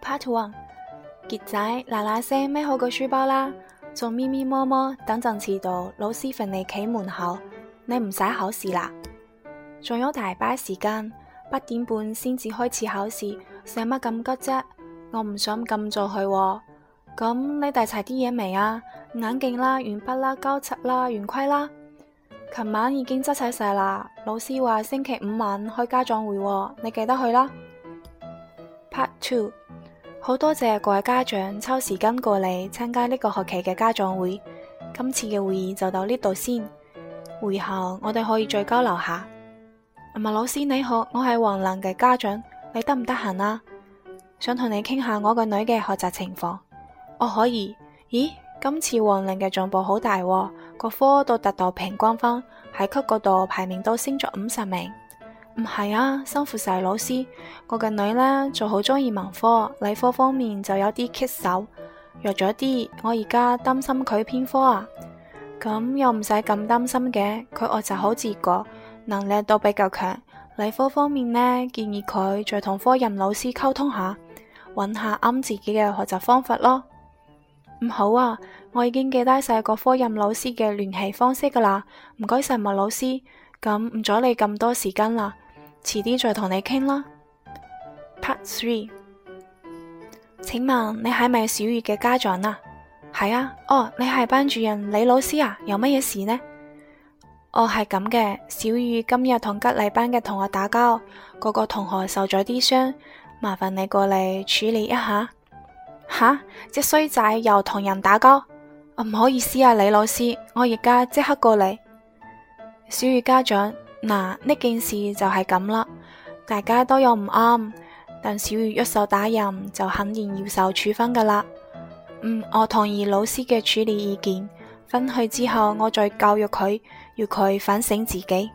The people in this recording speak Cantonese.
Part One，杰仔，嗱嗱聲孭好個書包啦，仲咪咪摸摸，等陣遲到，老師罰你企門口，你唔使考試啦。仲有大把時間，八點半先至開始考試，使乜咁急啫？我唔想咁早去，咁、嗯、你帶齊啲嘢未啊？眼鏡啦、鉛筆啦、膠擦啦、圓規啦，琴晚已經執齊晒啦。老師話星期五晚開家長會、哦，你記得去啦。Part Two。好多謝各位家長抽時間過嚟參加呢個學期嘅家長會，今次嘅會議就到呢度先，會後我哋可以再交流下。阿麥老師你好，我係王琳嘅家長，你得唔得閒啊？想同你傾下我個女嘅學習情況。我可以。咦，今次王琳嘅進步好大喔，各科都達到平均分，喺級嗰度排名都升咗五十名。唔係啊，辛苦晒老師。我嘅女呢就好鍾意文科，理科方面就有啲棘手，弱咗啲。我而家擔心佢偏科啊，咁、嗯、又唔使咁擔心嘅。佢學習好自覺，能力都比較強。理科方面呢，建議佢再同科任老師溝通下，揾下啱自己嘅學習方法咯。唔、嗯、好啊，我已經記低晒個科任老師嘅聯繫方式噶啦。唔該晒，麥老師。咁、嗯、唔阻你咁多時間啦。遲啲再同你傾啦。Part three，請問你係咪小宇嘅家長啊？係啊，哦，你係班主任李老師啊？有乜嘢事呢？哦，係咁嘅，小宇今日同隔離班嘅同學打交，嗰個同學受咗啲傷，麻煩你過嚟處理一下。吓，隻衰仔又同人打交？唔好意思啊，李老師，我而家即刻過嚟。小宇家長。嗱，呢件事就係咁啦，大家都有唔啱，但小宇喐手打人就肯定要受處分噶啦。嗯，我同意老師嘅處理意見，翻去之後我再教育佢，要佢反省自己。